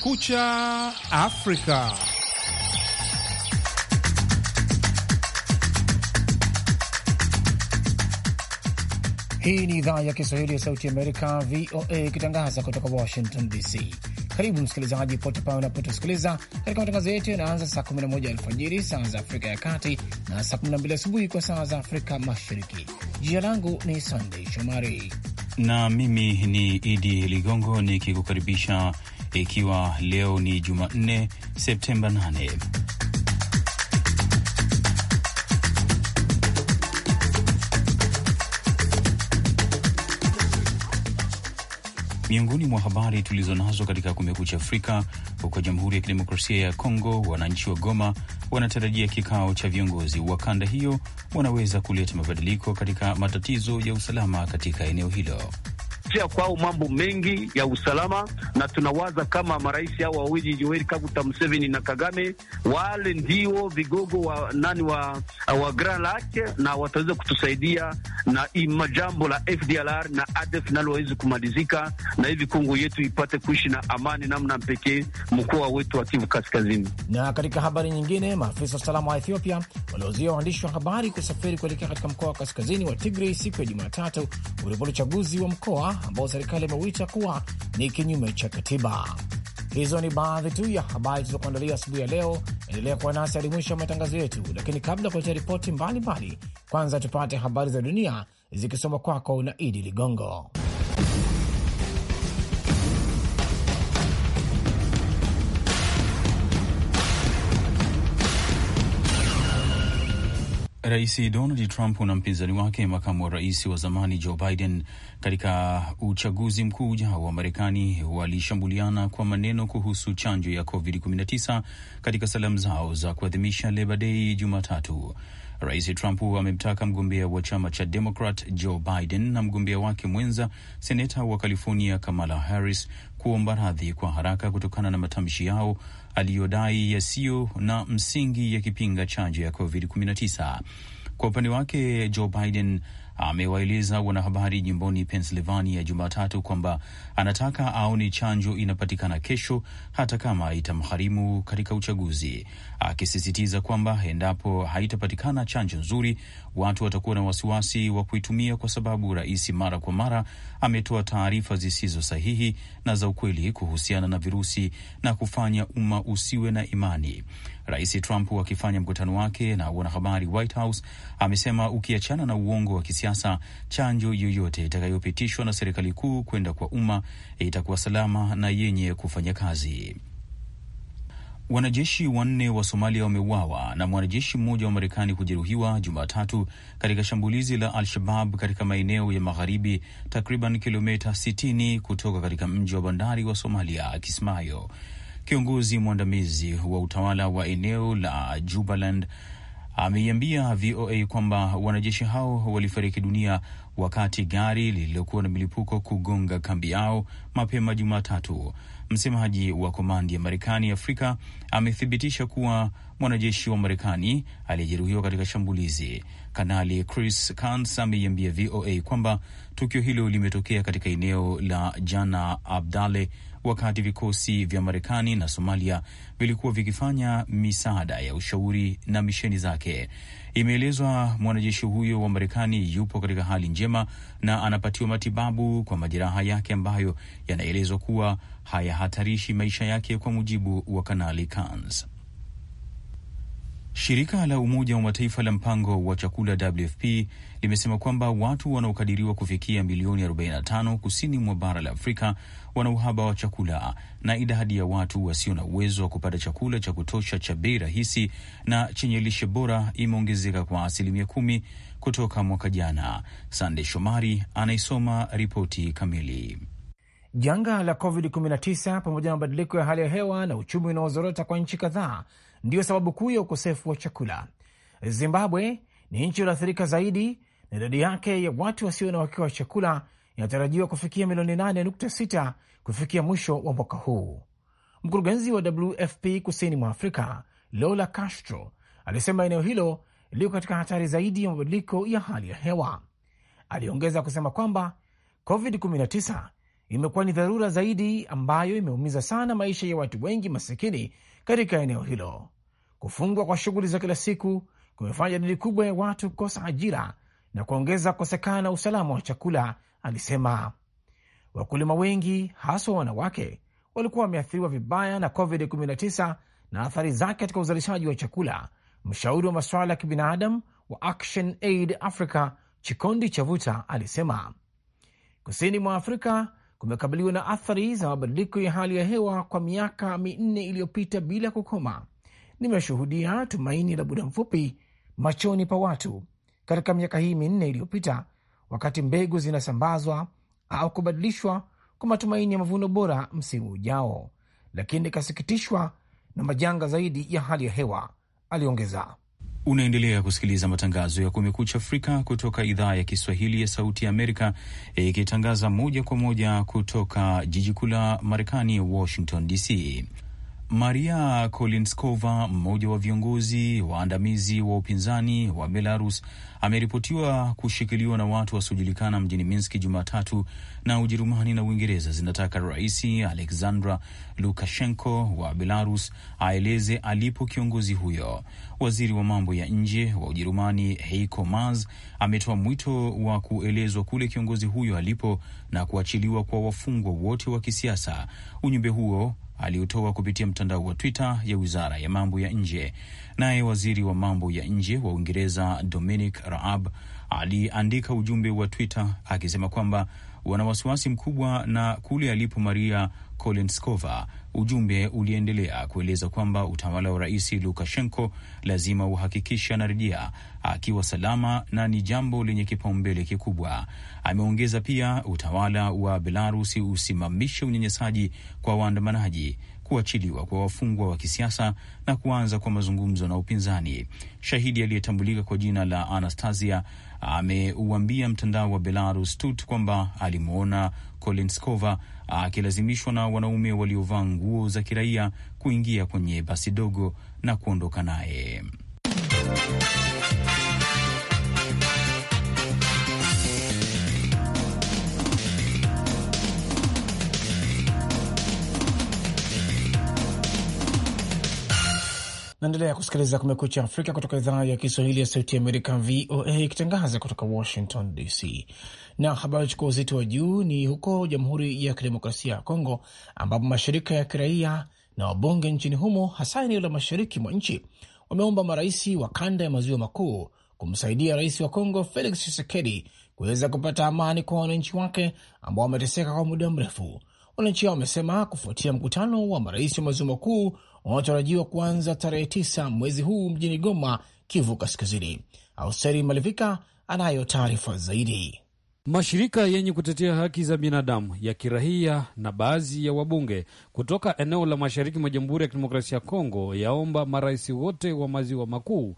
Kumekucha Afrika. Hii ni idhaa ya Kiswahili ya Sauti Amerika, VOA, ikitangaza kutoka Washington DC. Karibu msikilizaji, pote pale unapotusikiliza katika matangazo yetu yanaanza saa 11 alfajiri saa za Afrika ya Kati na saa 12 asubuhi kwa saa za Afrika Mashariki. Jina langu ni Sandei Shomari na mimi ni Idi Ligongo nikikukaribisha ikiwa leo ni Jumanne Septemba 8. Miongoni mwa habari tulizonazo katika Kumekucha Afrika, huko Jamhuri ya Kidemokrasia ya Kongo, wananchi wa Goma wanatarajia kikao cha viongozi wa kanda hiyo wanaweza kuleta mabadiliko katika matatizo ya usalama katika eneo hilo pia kwao mambo mengi ya usalama, na tunawaza kama marais hao wawili Yoweri Kaguta Museveni na Kagame, wale ndio vigogo wa nani wa, wa Grand Lake, na wataweza kutusaidia na majambo la FDLR na ADF nalo waweze kumalizika, na hivi Kongo yetu ipate kuishi na amani namna pekee, mkoa wetu wa Kivu Kaskazini. Na katika habari nyingine, maafisa usalama wa Ethiopia waliozuia waandishi wa habari kusafiri kuelekea katika mkoa wa kaskazini wa Tigray siku ya Jumatatu ulipo uchaguzi wa mkoa ambao serikali imewita kuwa ni kinyume cha katiba. Hizo ni baadhi tu ya habari zilizokuandalia asubuhi ya leo. Endelea kuwa nasi hadi mwisho wa matangazo yetu, lakini kabla ya kuletea ripoti mbalimbali, kwanza tupate habari za dunia zikisoma kwako na Idi Ligongo. Rais Donald Trump na mpinzani wake makamu wa rais wa zamani Joe Biden katika uchaguzi mkuu ujao wa Marekani walishambuliana kwa maneno kuhusu chanjo ya COVID-19 katika salamu zao za kuadhimisha Labor Day Jumatatu. Rais Trump amemtaka mgombea wa chama cha Demokrat Joe Biden na mgombea wake mwenza seneta wa California Kamala Harris kuomba radhi kwa haraka kutokana na matamshi yao aliyodai yasiyo na msingi yakipinga chanjo ya COVID-19. Kwa upande wake Joe Biden amewaeleza wanahabari jimboni Pennsylvania Jumatatu kwamba anataka aone chanjo inapatikana kesho, hata kama itamgharimu katika uchaguzi, akisisitiza kwamba endapo haitapatikana chanjo nzuri, watu watakuwa na wasiwasi wa kuitumia kwa sababu rais mara kwa mara ametoa taarifa zisizo sahihi na za ukweli kuhusiana na virusi na kufanya umma usiwe na imani. Rais Trump akifanya mkutano wake na wanahabari White House amesema ukiachana na uongo wa kisiasa, chanjo yoyote itakayopitishwa na serikali kuu kwenda kwa umma itakuwa salama na yenye kufanya kazi. Wanajeshi wanne wa Somalia wameuawa na mwanajeshi mmoja wa Marekani kujeruhiwa Jumatatu katika shambulizi la Al-Shabab katika maeneo ya magharibi, takriban kilomita 60 kutoka katika mji wa bandari wa Somalia, Kismayo. Kiongozi mwandamizi wa utawala wa eneo la Jubaland ameiambia VOA kwamba wanajeshi hao walifariki dunia wakati gari lililokuwa na milipuko kugonga kambi yao mapema Jumatatu. Msemaji wa komandi ya Marekani Afrika amethibitisha kuwa mwanajeshi wa Marekani aliyejeruhiwa katika shambulizi. Kanali Chris Kans ameiambia VOA kwamba tukio hilo limetokea katika eneo la Jana Abdale wakati vikosi vya Marekani na Somalia vilikuwa vikifanya misaada ya ushauri na misheni zake. Imeelezwa mwanajeshi huyo wa Marekani yupo katika hali njema na anapatiwa matibabu kwa majeraha yake ambayo yanaelezwa kuwa hayahatarishi maisha yake, kwa mujibu wa Kanali Kans. Shirika la Umoja wa Mataifa la mpango wa chakula WFP limesema kwamba watu wanaokadiriwa kufikia milioni 45 kusini mwa bara la Afrika wana uhaba wa chakula na idadi ya watu wasio na uwezo wa kupata chakula cha kutosha cha bei rahisi na chenye lishe bora imeongezeka kwa asilimia kumi kutoka mwaka jana. Sande Shomari anaisoma ripoti kamili. Janga la COVID-19 pamoja na mabadiliko ya hali ya hewa na uchumi unaozorota kwa nchi kadhaa ndiyo sababu kuu ya ukosefu wa chakula. Zimbabwe ni nchi iliyoathirika zaidi na idadi yake ya watu wasio na uhakika wa chakula inatarajiwa kufikia milioni 8.6 kufikia mwisho wa mwaka huu. Mkurugenzi wa WFP kusini mwa Afrika, Lola Castro, alisema eneo hilo liko katika hatari zaidi ya mabadiliko ya hali ya hewa. Aliongeza kusema kwamba COVID-19 imekuwa ni dharura zaidi ambayo imeumiza sana maisha ya watu wengi masikini katika eneo hilo. Kufungwa kwa shughuli za kila siku kumefanya idadi kubwa ya watu kukosa ajira na kuongeza kukosekana usalama wa chakula, alisema. Wakulima wengi haswa wanawake walikuwa wameathiriwa vibaya na COVID-19 na athari zake katika uzalishaji wa chakula. Mshauri wa masuala ya kibinadamu wa Action Aid Africa Chikondi Chavuta alisema kusini mwa Afrika kumekabiliwa na athari za mabadiliko ya hali ya hewa kwa miaka minne iliyopita bila kukoma nimeshuhudia tumaini la muda mfupi machoni pa watu katika miaka hii minne iliyopita, wakati mbegu zinasambazwa au kubadilishwa kwa matumaini ya mavuno bora msimu ujao, lakini nikasikitishwa na majanga zaidi ya hali ya hewa, aliongeza. Unaendelea kusikiliza matangazo ya Kumekucha Afrika kutoka idhaa ya Kiswahili ya Sauti ya Amerika, ikitangaza moja kwa moja kutoka jiji kuu la Marekani, Washington DC. Maria Kolinskova, mmoja wa viongozi waandamizi wa upinzani wa Belarus, ameripotiwa kushikiliwa na watu wasiojulikana mjini Minski Jumatatu, na Ujerumani na Uingereza zinataka Rais Alexandra Lukashenko wa Belarus aeleze alipo kiongozi huyo. Waziri wa mambo ya nje wa Ujerumani Heiko Maas ametoa mwito wa kuelezwa kule kiongozi huyo alipo na kuachiliwa kwa wafungwa wote wa kisiasa. Ujumbe huo aliyotoa kupitia mtandao wa Twitter ya wizara ya mambo ya nje. Naye waziri wa mambo ya nje wa Uingereza Dominic Raab aliandika ujumbe wa Twitter akisema kwamba wana wasiwasi mkubwa na kule alipo Maria Kolenskova. Ujumbe uliendelea kueleza kwamba utawala wa Rais Lukashenko lazima uhakikishe anarejea akiwa salama na ni jambo lenye kipaumbele kikubwa. Ameongeza pia utawala wa Belarusi usimamishe unyanyasaji kwa waandamanaji kuachiliwa kwa wafungwa wa kisiasa na kuanza kwa mazungumzo na upinzani. Shahidi aliyetambulika kwa jina la Anastasia ameuambia mtandao wa Belarus Tut kwamba alimwona kolinskova akilazimishwa na wanaume waliovaa nguo za kiraia kuingia kwenye basi dogo na kuondoka naye Naendelea kusikiliza Kumekucha Afrika kutoka idhaa ya Kiswahili ya Sauti Amerika, VOA, ikitangaza kutoka Washington DC. Na habari chukua uzito wa juu ni huko Jamhuri ya Kidemokrasia ya Kongo, ambapo mashirika ya kiraia na wabunge nchini humo, hasa eneo la mashariki mwa nchi, wameomba marais wa kanda ya maziwa makuu kumsaidia rais wa Kongo Felix Tshisekedi kuweza kupata amani kwa wananchi wake ambao wameteseka kwa muda mrefu. Wananchi hao wamesema kufuatia mkutano wa marais wa maziwa makuu wanaotarajiwa kuanza tarehe tisa mwezi huu mjini Goma, Kivu Kaskazini. Austeri Malivika anayo taarifa zaidi. Mashirika yenye kutetea haki za binadamu ya kirahia na baadhi ya wabunge kutoka eneo la mashariki mwa Jamhuri ya Kidemokrasia ya Kongo yaomba marais wote wa maziwa makuu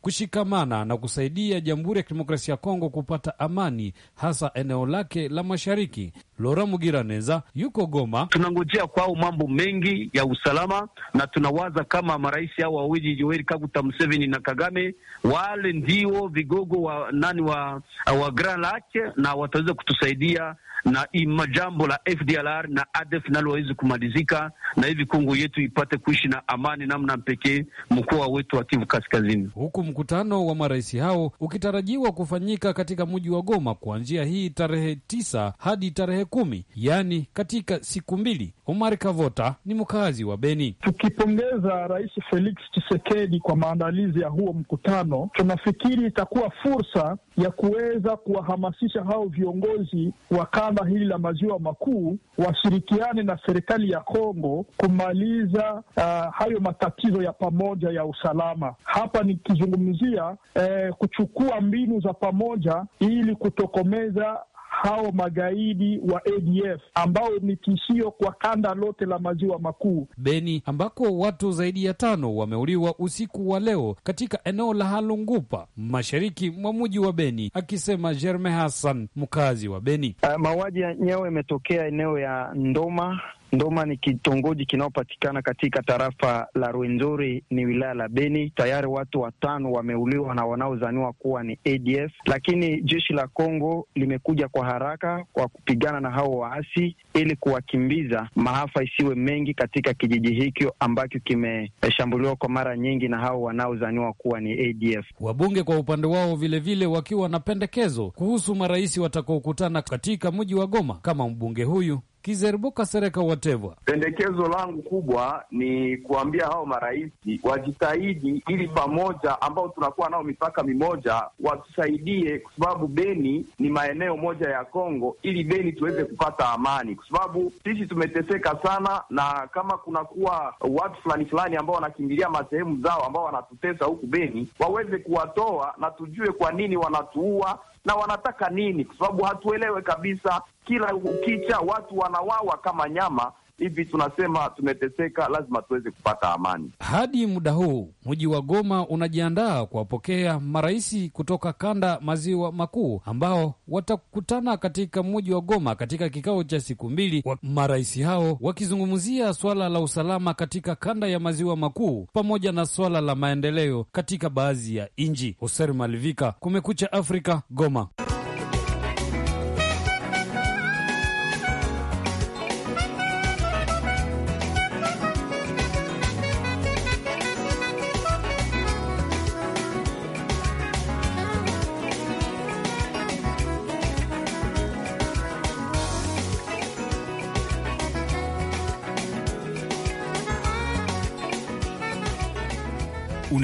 kushikamana na kusaidia Jamhuri ya Kidemokrasia ya Kongo kupata amani, hasa eneo lake la mashariki. Lora Mugiraneza yuko Goma. Tunangojea kwao mambo mengi ya usalama, na tunawaza kama marais hao wawili Yoweri Kaguta Museveni na Kagame, wale ndio vigogo wa nani wa, wa Grand Lake, na wataweza kutusaidia na ima jambo la FDLR na ADF nalo wawezi kumalizika na hivi Kongo yetu ipate kuishi na amani namna pekee mkoa wetu wa Kivu Kaskazini, huku mkutano wa marais hao ukitarajiwa kufanyika katika mji wa Goma kuanzia hii tarehe tisa hadi tarehe kumi, yaani katika siku mbili. Omar Kavota ni mkazi wa Beni. Tukipongeza Rais Felix Tshisekedi kwa maandalizi ya huo mkutano, tunafikiri itakuwa fursa ya kuweza kuwahamasisha hao viongozi wa kanda hili la maziwa makuu washirikiane na serikali ya Kongo kumaliza uh, hayo matatizo ya pamoja ya usalama. Hapa nikizungumzia eh, kuchukua mbinu za pamoja ili kutokomeza hao magaidi wa ADF ambao ni tishio kwa kanda lote la maziwa makuu. Beni ambako watu zaidi ya tano wameuliwa usiku wa leo katika eneo la Halungupa mashariki mwa mji wa Beni, akisema Jerme Hassan, mkazi wa Beni. Uh, mauaji ya yametokea eneo ya Ndoma Ndoma ni kitongoji kinayopatikana katika tarafa la Rwenzori, ni wilaya la Beni. Tayari watu watano wameuliwa na wanaozaniwa kuwa ni ADF, lakini jeshi la Kongo limekuja kwa haraka kwa kupigana na hao waasi ili kuwakimbiza, maafa isiwe mengi katika kijiji hikyo ambacho kimeshambuliwa kwa mara nyingi na hao wanaozaniwa kuwa ni ADF. Wabunge kwa upande wao vilevile vile wakiwa na pendekezo kuhusu marais watakaokutana katika mji wa Goma kama mbunge huyu Kizeribuka Sereka Watevwa, pendekezo langu kubwa ni kuambia hao marais wajitahidi, ili pamoja ambao tunakuwa nao mipaka mimoja watusaidie, kwa sababu Beni ni maeneo moja ya Kongo, ili Beni tuweze kupata amani, kwa sababu sisi tumeteseka sana, na kama kunakuwa watu fulani fulani ambao wanakimbilia masehemu zao ambao wanatutesa huku Beni, waweze kuwatoa na tujue kwa nini wanatuua na wanataka nini, kwa sababu hatuelewe kabisa. Kila ukicha watu wanawawa kama nyama, hivi tunasema tumeteseka, lazima tuweze kupata amani. Hadi muda huu mji wa Goma unajiandaa kuwapokea marais kutoka kanda maziwa makuu ambao watakutana katika mji wa Goma katika kikao cha siku mbili, marais hao wakizungumzia swala la usalama katika kanda ya maziwa makuu pamoja na swala la maendeleo katika baadhi ya nchi. Hoser Malivika, Kumekucha Afrika, Goma.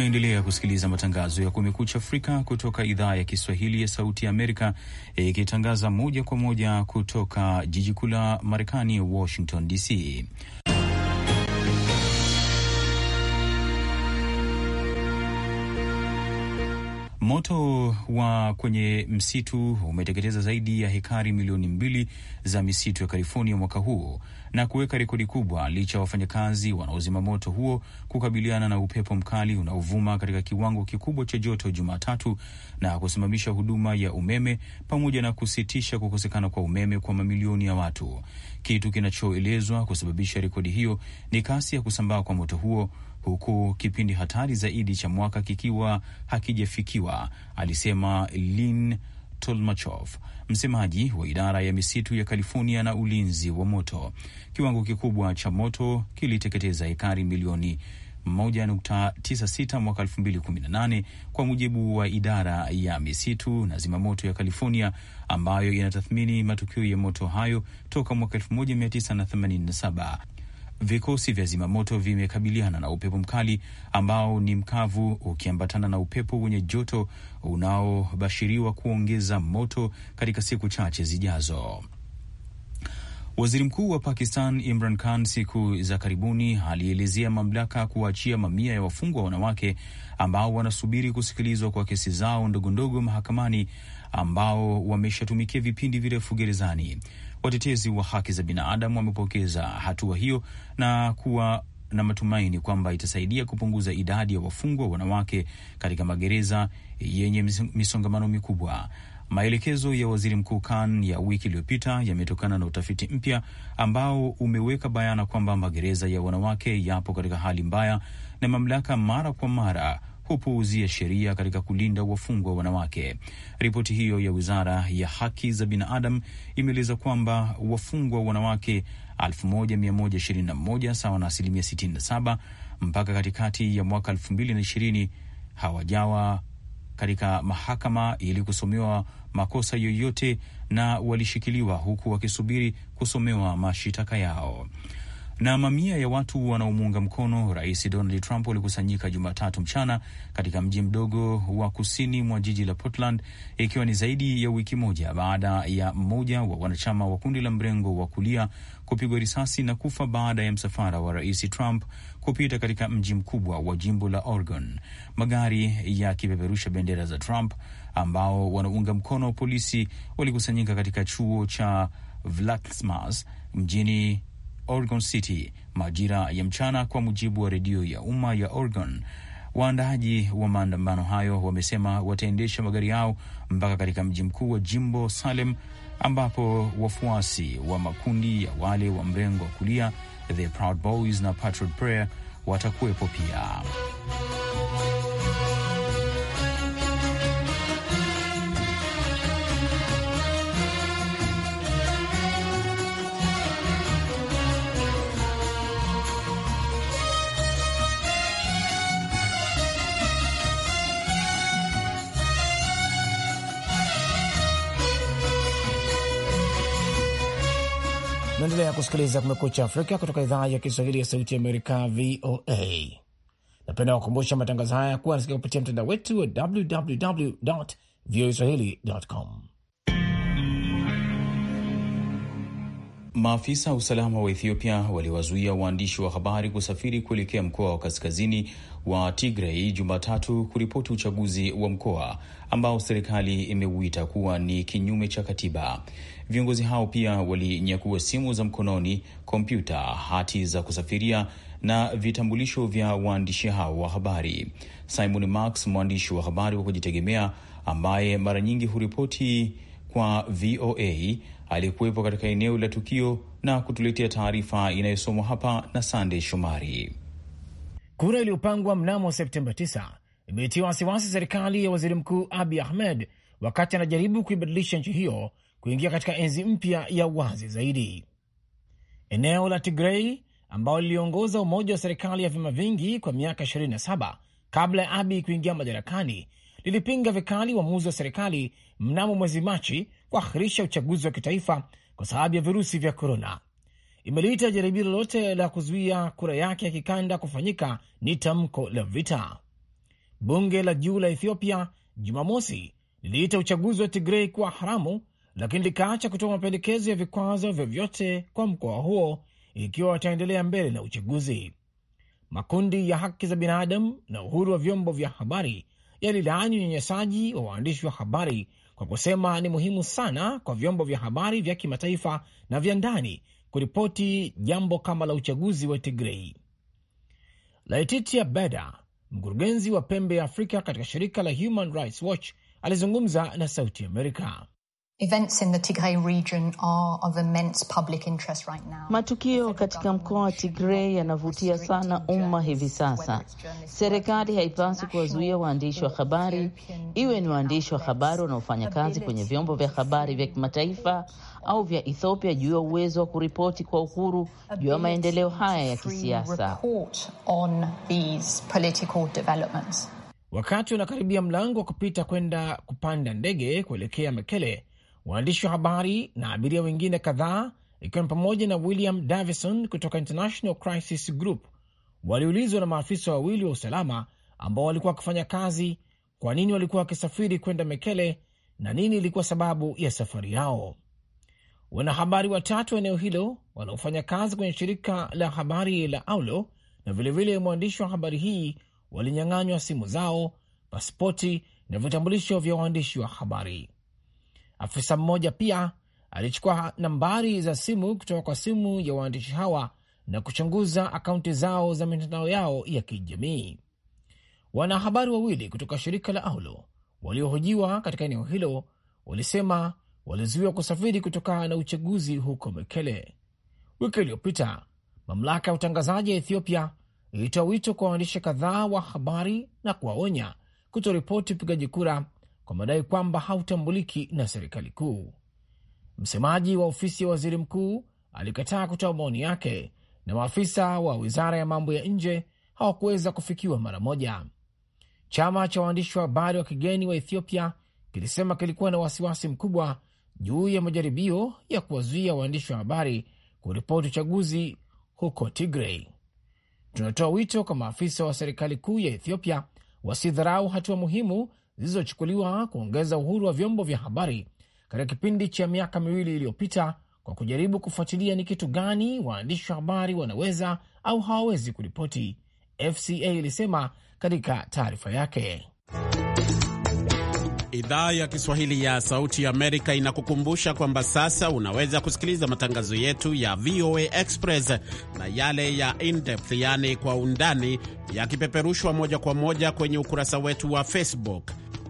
Unaendelea kusikiliza matangazo ya Kumekucha Afrika kutoka idhaa ya Kiswahili ya Sauti ya Amerika, ikitangaza moja kwa moja kutoka jiji kuu la Marekani, Washington DC. Moto wa kwenye msitu umeteketeza zaidi ya hekari milioni mbili za misitu ya California mwaka huu na kuweka rekodi kubwa, licha ya wafanyakazi wanaozima moto huo kukabiliana na upepo mkali unaovuma katika kiwango kikubwa cha joto Jumatatu na kusimamisha huduma ya umeme pamoja na kusitisha kukosekana kwa umeme kwa mamilioni ya watu. Kitu kinachoelezwa kusababisha rekodi hiyo ni kasi ya kusambaa kwa moto huo huku kipindi hatari zaidi cha mwaka kikiwa hakijafikiwa, alisema lin tolmachov msemaji wa idara ya misitu ya California na ulinzi wa moto. Kiwango kikubwa cha moto kiliteketeza hekari milioni 1.96 mwaka 2018 kwa mujibu wa idara ya misitu na zimamoto ya California ambayo inatathmini matukio ya moto hayo toka mwaka 1987. Vikosi vya zimamoto vimekabiliana na upepo mkali ambao ni mkavu ukiambatana na upepo wenye joto unaobashiriwa kuongeza moto katika siku chache zijazo. Waziri Mkuu wa Pakistan Imran Khan siku za karibuni alielezea mamlaka kuwaachia mamia ya wafungwa wanawake ambao wanasubiri kusikilizwa kwa kesi zao ndogondogo mahakamani ambao wameshatumikia vipindi virefu gerezani. Watetezi wa haki za binadamu wamepokeza hatua hiyo na kuwa na matumaini kwamba itasaidia kupunguza idadi ya wafungwa wanawake katika magereza yenye misongamano mikubwa. Maelekezo ya Waziri Mkuu Khan ya wiki iliyopita yametokana na utafiti mpya ambao umeweka bayana kwamba magereza ya wanawake yapo katika hali mbaya na mamlaka mara kwa mara hupuuzia sheria katika kulinda wafungwa wanawake. Ripoti hiyo ya Wizara ya Haki za Binadamu imeeleza kwamba wafungwa wanawake 1121 sawa na asilimia 67 mpaka katikati ya mwaka 2020 hawajawa katika mahakama ili kusomewa makosa yoyote na walishikiliwa huku wakisubiri kusomewa mashitaka yao. Na mamia ya watu wanaomuunga mkono Rais Donald Trump walikusanyika Jumatatu mchana katika mji mdogo wa kusini mwa jiji la Portland, ikiwa ni zaidi ya wiki moja baada ya mmoja wa wanachama wa kundi la mrengo wa kulia kupigwa risasi na kufa baada ya msafara wa Rais Trump kupita katika mji mkubwa wa jimbo la Oregon. Magari yakipeperusha bendera za Trump ambao wanaunga mkono polisi walikusanyika katika chuo cha Vlacmas mjini Oregon City majira ya mchana, kwa mujibu wa redio ya umma ya Oregon. Waandaaji wa maandamano hayo wamesema wataendesha magari yao mpaka katika mji mkuu wa jimbo Salem, ambapo wafuasi wa makundi ya wale wa mrengo wa kulia The Proud Boys na Patriot Prayer watakuwepo pia. Unaendelea kusikiliza Kumekucha Afrika kutoka idhaa ya Kiswahili ya Sauti ya Amerika, VOA. Napenda kukumbusha matangazo haya kuwa nasikia kupitia mtandao wetu wa www voa swahili com. Maafisa usalama wa Ethiopia waliwazuia waandishi wa habari kusafiri kuelekea mkoa wa kaskazini wa Tigrei Jumatatu kuripoti uchaguzi wa mkoa ambao serikali imeuita kuwa ni kinyume cha katiba. Viongozi hao pia walinyakua simu za mkononi, kompyuta, hati za kusafiria na vitambulisho vya waandishi hao wa habari. Simon Marks, mwandishi wa habari wa kujitegemea ambaye mara nyingi huripoti kwa VOA, aliyekuwepo katika eneo la tukio na kutuletea taarifa inayosomwa hapa na Sandey Shomari. Kura iliyopangwa mnamo Septemba 9 imetia wasiwasi serikali ya waziri mkuu Abi Ahmed wakati anajaribu kuibadilisha nchi hiyo kuingia katika enzi mpya ya wazi zaidi. Eneo la Tigrei ambalo liliongoza umoja wa serikali ya vyama vingi kwa miaka 27 kabla ya Abi kuingia madarakani lilipinga vikali uamuzi wa serikali mnamo mwezi Machi kuahirisha uchaguzi wa kitaifa kwa sababu ya virusi vya korona. Imeliita jaribio lolote la kuzuia kura yake ya kikanda kufanyika ni tamko la vita. Bunge la juu la Ethiopia Jumamosi liliita uchaguzi wa Tigrei kuwa haramu lakini likaacha kutoa mapendekezo ya vikwazo vyovyote kwa mkoa huo ikiwa wataendelea mbele na uchaguzi. Makundi ya haki za binadamu na uhuru wa vyombo vya habari yalilaani unyanyasaji wa waandishi wa habari kwa kusema ni muhimu sana kwa vyombo vya habari vya kimataifa na vya ndani kuripoti jambo kama la uchaguzi wa Tigrei. Laetitia Beda, mkurugenzi wa pembe ya Afrika katika shirika la Human Rights Watch, alizungumza na Sauti Amerika. Matukio katika mkoa wa Tigray yanavutia sana umma hivi sasa. Serikali haipaswi kuwazuia waandishi wa habari, iwe ni waandishi wa habari wanaofanya kazi kwenye vyombo vya habari vya kimataifa au vya Ethiopia juu ya uwezo wa kuripoti kwa uhuru juu ya maendeleo haya ya kisiasa. Wakati unakaribia mlango wa kupita kwenda kupanda ndege kuelekea Mekele, waandishi wa habari na abiria wengine kadhaa, ikiwa ni pamoja na William Davison kutoka International Crisis Group, waliulizwa na maafisa wawili wa usalama ambao walikuwa wakifanya kazi kwa nini walikuwa wakisafiri kwenda Mekele na nini ilikuwa sababu ya safari yao. Wanahabari watatu wa eneo hilo wanaofanya kazi kwenye shirika la habari la Aulo na vilevile mwandishi wa habari hii walinyang'anywa simu zao, pasipoti na vitambulisho vya waandishi wa habari. Afisa mmoja pia alichukua nambari za simu kutoka kwa simu ya waandishi hawa na kuchunguza akaunti zao za mitandao yao ya kijamii. Wanahabari wawili kutoka shirika la Aulo waliohojiwa katika eneo hilo walisema walizuiwa kusafiri kutokana na uchaguzi huko Mekele. Wiki iliyopita mamlaka ya utangazaji ya Ethiopia ilitoa wito kwa waandishi kadhaa wa habari na kuwaonya kutoripoti upigaji kura kwa madai kwamba hautambuliki na serikali kuu. Msemaji wa ofisi ya waziri mkuu alikataa kutoa maoni yake na maafisa wa wizara ya mambo ya nje hawakuweza kufikiwa mara moja. Chama cha waandishi wa habari wa kigeni wa Ethiopia kilisema kilikuwa na wasiwasi mkubwa juu ya majaribio ya kuwazuia waandishi wa habari kuripoti uchaguzi huko Tigrey. Tunatoa wito kwa maafisa wa serikali kuu ya Ethiopia wasidharau hatua muhimu zilizochukuliwa kuongeza uhuru wa vyombo vya habari katika kipindi cha miaka miwili iliyopita kwa kujaribu kufuatilia ni kitu gani waandishi wa habari wanaweza au hawawezi kuripoti, FCA ilisema katika taarifa yake. Idhaa ya Kiswahili ya Sauti ya Amerika inakukumbusha kwamba sasa unaweza kusikiliza matangazo yetu ya VOA Express na yale ya in-depth, yaani kwa undani, yakipeperushwa moja kwa moja kwenye ukurasa wetu wa Facebook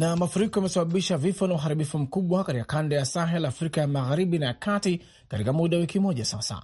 Na mafuriko yamesababisha vifo na uharibifu mkubwa katika kanda ya Sahel, Afrika ya magharibi na ya kati katika muda wa wiki moja sasa.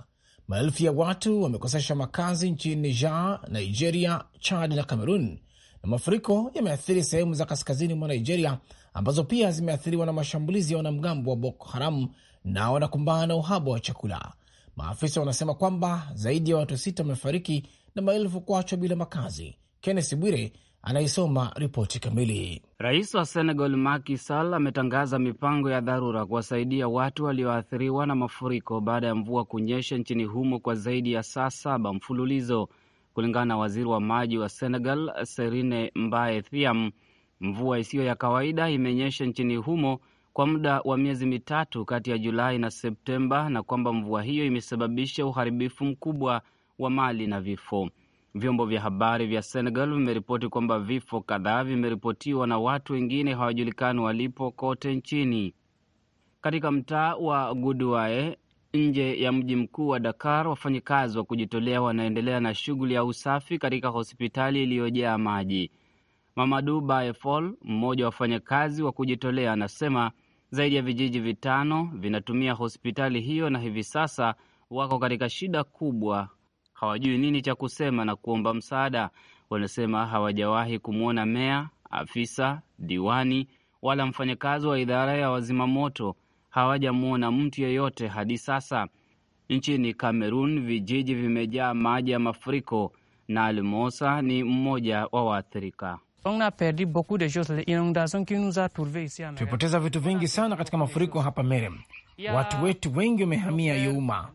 Maelfu ya watu wamekosesha makazi nchini Niger, Nigeria, Chad na Cameroon, na mafuriko yameathiri sehemu za kaskazini mwa Nigeria ambazo pia zimeathiriwa na mashambulizi ya wanamgambo wa Boko Haram na wanakumbana na uhaba wa chakula. Maafisa wanasema kwamba zaidi ya watu sita wamefariki na maelfu kuachwa bila makazi. Kennes Bwire anayesoma ripoti kamili. Rais wa Senegal Macky Sall ametangaza mipango ya dharura kuwasaidia watu walioathiriwa na mafuriko baada ya mvua kunyesha nchini humo kwa zaidi ya saa saba mfululizo. Kulingana na waziri wa maji wa Senegal Serine Mbaye Thiam, mvua isiyo ya kawaida imenyesha nchini humo kwa muda wa miezi mitatu kati ya Julai na Septemba, na kwamba mvua hiyo imesababisha uharibifu mkubwa wa mali na vifo. Vyombo vya habari vya Senegal vimeripoti kwamba vifo kadhaa vimeripotiwa na watu wengine hawajulikani walipo kote nchini. Katika mtaa wa Guduae nje ya mji mkuu wa Dakar, wafanyakazi wa kujitolea wanaendelea na shughuli ya usafi katika hospitali iliyojaa maji. Mamadu Baefol, mmoja wa wafanyakazi wa kujitolea, anasema zaidi ya vijiji vitano vinatumia hospitali hiyo na hivi sasa wako katika shida kubwa hawajui nini cha kusema na kuomba msaada. Wanasema hawajawahi kumwona meya, afisa diwani, wala mfanyakazi wa idara ya wazimamoto. Hawajamwona mtu yeyote hadi sasa. Nchini Kamerun, vijiji vimejaa maji ya mafuriko na Almosa ni mmoja wa waathirika. Tumepoteza vitu vingi sana katika mafuriko hapa Merem. Watu wetu wengi wamehamia Yuma.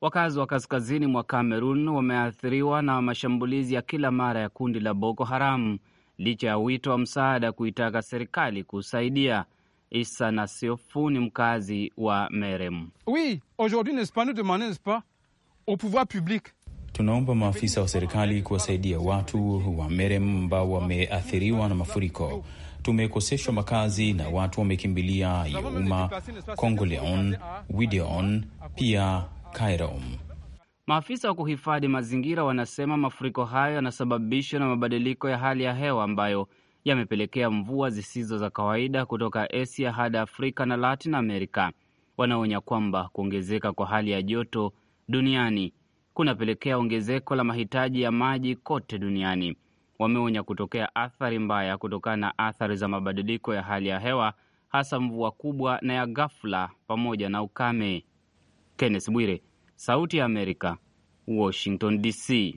Wakazi wa kaskazini mwa Kamerun wameathiriwa na mashambulizi ya kila mara ya kundi la Boko Haram licha ya wito wa msaada kuitaka serikali kusaidia. Isa Nasiofu ni mkazi wa Merem. Oui, aujourd'hui n'est-ce pas nous n'est-ce pas au pouvoir public Tunaomba maafisa wa serikali kuwasaidia watu wa Merem ambao wameathiriwa na mafuriko. Tumekoseshwa makazi na watu wamekimbilia Yeuma, Congo Leon, Wideon, pia Cairo. Maafisa wa kuhifadhi mazingira wanasema mafuriko hayo yanasababishwa na mabadiliko ya hali ya hewa ambayo yamepelekea mvua zisizo za kawaida kutoka Asia hadi Afrika na Latin America. Wanaonya kwamba kuongezeka kwa hali ya joto duniani kunapelekea ongezeko la mahitaji ya maji kote duniani. Wameonya kutokea athari mbaya kutokana na athari za mabadiliko ya hali ya hewa, hasa mvua kubwa na ya ghafla pamoja na ukame. Kenneth Bwire, Sauti ya Amerika, Washington DC.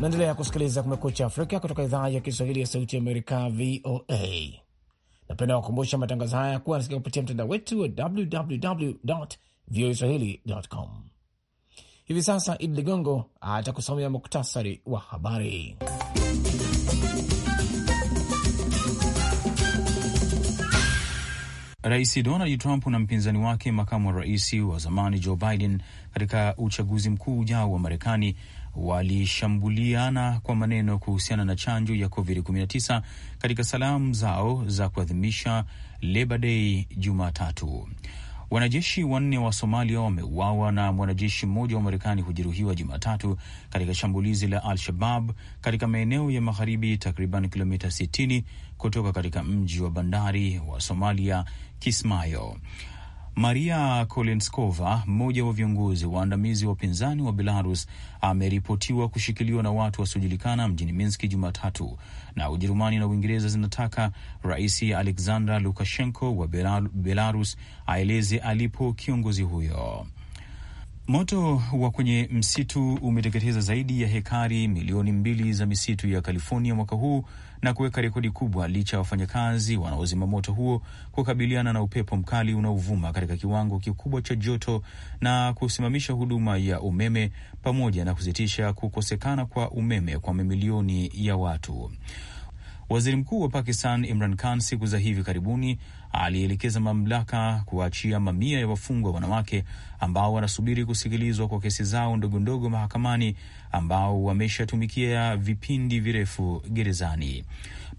Naendelea kusikiliza Kumekucha Afrika kutoka idhaa ya Kiswahili ya Sauti ya Amerika, VOA. Napenda kukumbusha matangazo haya kuwa nasikia kupitia mtandao wetu wa www voa swahili com Hivi sasa Idi Ligongo atakusomea muktasari wa habari. Rais Donald Trump na mpinzani wake makamu wa rais wa zamani Joe Biden katika uchaguzi mkuu ujao wa Marekani walishambuliana kwa maneno kuhusiana na chanjo ya COVID-19 katika salamu zao za kuadhimisha Labor Day Jumatatu. Wanajeshi wanne wa Somalia wameuawa na mwanajeshi mmoja wa Marekani kujeruhiwa Jumatatu katika shambulizi la Al-Shabab katika maeneo ya magharibi, takriban kilomita 60 kutoka katika mji wa bandari wa Somalia Kismayo. Maria Kolenskova, mmoja wa viongozi waandamizi wa upinzani wa Belarus, ameripotiwa kushikiliwa na watu wasiojulikana mjini Minski Jumatatu, na Ujerumani na Uingereza zinataka Rais Alexander Lukashenko wa Belarus aeleze alipo kiongozi huyo. Moto wa kwenye msitu umeteketeza zaidi ya hekari milioni mbili za misitu ya California mwaka huu na kuweka rekodi kubwa licha ya wafanyakazi wanaozima moto huo kukabiliana na upepo mkali unaovuma katika kiwango kikubwa cha joto na kusimamisha huduma ya umeme pamoja na kusitisha kukosekana kwa umeme kwa mamilioni ya watu. Waziri Mkuu wa Pakistan Imran Khan siku za hivi karibuni alielekeza mamlaka kuachia mamia ya wafungwa wanawake ambao wanasubiri kusikilizwa kwa kesi zao ndogo ndogo mahakamani, ambao wameshatumikia vipindi virefu gerezani.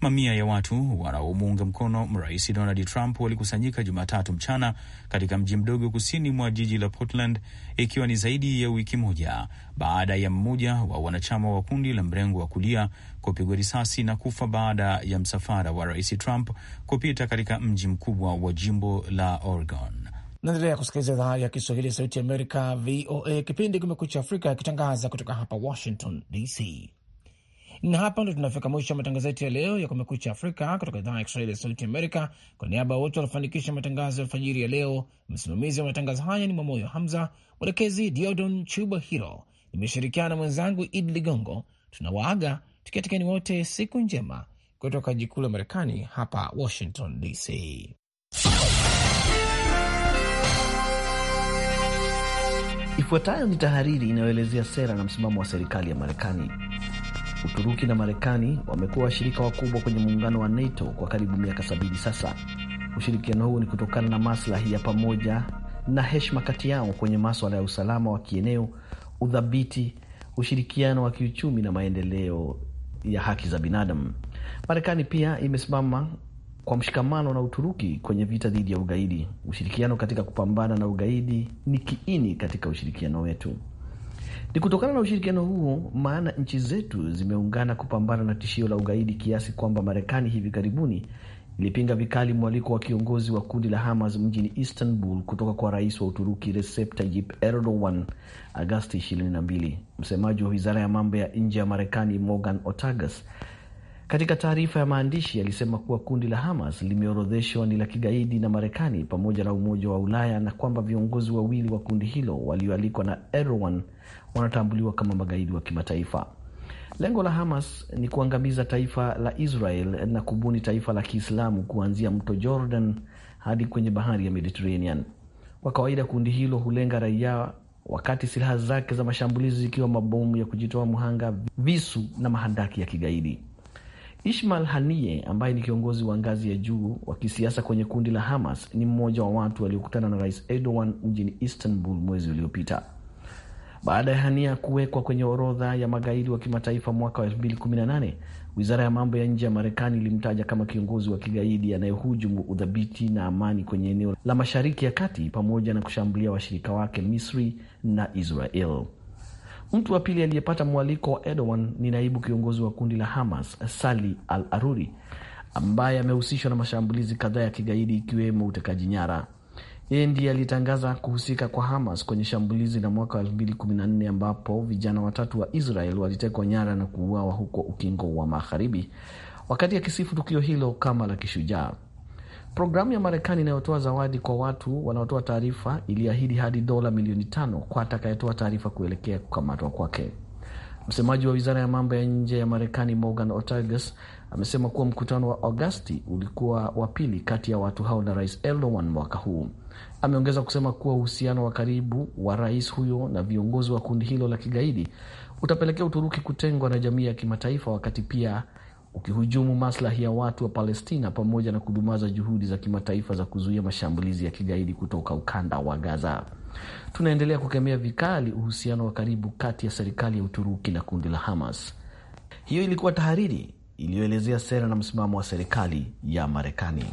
Mamia ya watu wanaomuunga mkono Rais Donald Trump walikusanyika Jumatatu mchana katika mji mdogo kusini mwa jiji la Portland, ikiwa ni zaidi ya wiki moja baada ya mmoja wa wanachama wa kundi la mrengo wa kulia kupigwa risasi na kufa baada ya msafara wa Rais Trump kupita katika mji mkubwa wa jimbo la Oregon. Naendelea kusikiliza idhaa ya Kiswahili ya Sauti ya Amerika, VOA. Kipindi Kumekucha Afrika, ikitangaza kutoka hapa Washington DC. Na hapa ndo tunafika mwisho wa matangazo yetu ya leo ya Kumekucha Afrika kutoka idhaa ya Kiswahili ya Sauti Amerika. Kwa niaba ya wote walifanikisha matangazo ya alfajiri ya leo, msimamizi wa matangazo haya ni Mwamoyo Hamza, mwelekezi Diodon Chuba Hiro. Nimeshirikiana na mwenzangu Idi Ligongo. Tunawaaga tukiatikani wote siku njema kutoka jikuu la Marekani, hapa Washington DC. Ifuatayo ni tahariri inayoelezea sera na msimamo wa serikali ya Marekani. Uturuki na Marekani wamekuwa washirika wakubwa kwenye muungano wa NATO kwa karibu miaka sabini sasa. Ushirikiano huu ni kutokana na maslahi ya pamoja na heshima kati yao kwenye maswala ya usalama wa kieneo, udhabiti, ushirikiano wa kiuchumi na maendeleo ya haki za binadamu. Marekani pia imesimama kwa mshikamano na Uturuki kwenye vita dhidi ya ugaidi. Ushirikiano katika kupambana na ugaidi ni kiini katika ushirikiano wetu. Ni kutokana na ushirikiano huo, maana nchi zetu zimeungana kupambana na tishio la ugaidi kiasi kwamba Marekani hivi karibuni ilipinga vikali mwaliko wa kiongozi wa kundi la Hamas mjini Istanbul kutoka kwa rais wa Uturuki Recep Tayyip Erdogan Agasti 22. Msemaji wa wizara ya mambo ya nje ya Marekani Morgan Otagas katika taarifa ya maandishi alisema kuwa kundi la Hamas limeorodheshwa ni la kigaidi na Marekani pamoja na Umoja wa Ulaya na kwamba viongozi wawili wa kundi hilo walioalikwa na Erdogan wanatambuliwa kama magaidi wa kimataifa. Lengo la Hamas ni kuangamiza taifa la Israel na kubuni taifa la Kiislamu kuanzia mto Jordan hadi kwenye bahari ya Mediterranean. Kwa kawaida kundi hilo hulenga raia, wakati silaha zake za mashambulizi zikiwa mabomu ya kujitoa mhanga, visu na mahandaki ya kigaidi. ishmal hanie ambaye ni kiongozi wa ngazi ya juu wa kisiasa kwenye kundi la Hamas ni mmoja wa watu waliokutana na Rais Erdogan mjini Istanbul mwezi uliopita. Baada ya Hania kuwekwa kwenye orodha ya magaidi wa kimataifa mwaka wa 2018, wizara ya mambo ya nje ya Marekani ilimtaja kama kiongozi wa kigaidi anayehujumu udhabiti na amani kwenye eneo la Mashariki ya Kati pamoja na kushambulia washirika wake Misri na Israel. Mtu wa pili aliyepata mwaliko wa Erdogan ni naibu kiongozi wa kundi la Hamas Sali al Aruri, ambaye amehusishwa na mashambulizi kadhaa ya kigaidi ikiwemo utekaji nyara. Yeye ndiye alitangaza kuhusika kwa Hamas kwenye shambulizi la mwaka wa 2014 ambapo vijana watatu wa Israel walitekwa nyara na kuuawa huko Ukingo wa Magharibi, wakati akisifu tukio hilo kama la kishujaa. Programu ya Marekani inayotoa zawadi kwa watu wanaotoa taarifa iliahidi hadi dola milioni tano kwa atakayetoa taarifa kuelekea kukamatwa kwake. Msemaji wa wizara ya mambo ya nje ya Marekani Morgan Ortagus amesema kuwa mkutano wa Agosti ulikuwa wa pili kati ya watu hao na Rais Erdogan mwaka huu. Ameongeza kusema kuwa uhusiano wa karibu wa rais huyo na viongozi wa kundi hilo la kigaidi utapelekea Uturuki kutengwa na jamii ya kimataifa, wakati pia ukihujumu maslahi ya watu wa Palestina pamoja na kudumaza juhudi za kimataifa za kuzuia mashambulizi ya kigaidi kutoka ukanda wa Gaza. Tunaendelea kukemea vikali uhusiano wa karibu kati ya serikali ya Uturuki na kundi la Hamas. Hiyo ilikuwa tahariri iliyoelezea sera na msimamo wa serikali ya Marekani.